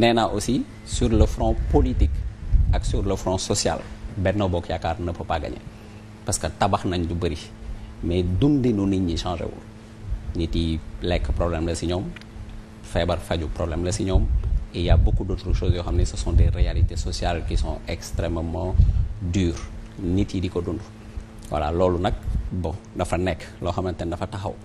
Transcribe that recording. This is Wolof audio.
nee naa aussi sur le front politique ak sur le front social benn Bokk Yaakaar ne peut pas parce que tabax nañ lu bëri mais dundinu nit ñi changé wul nit yi lekk problème la si ñoom feebar faju problème la si ñoom et il y a beaucoup d' autres yoo xam ne ce sont des réalités sociales qui sont extrêmement dures nit yi di ko dund voilà loolu nag bon dafa nekk loo xamante ne dafa taxaw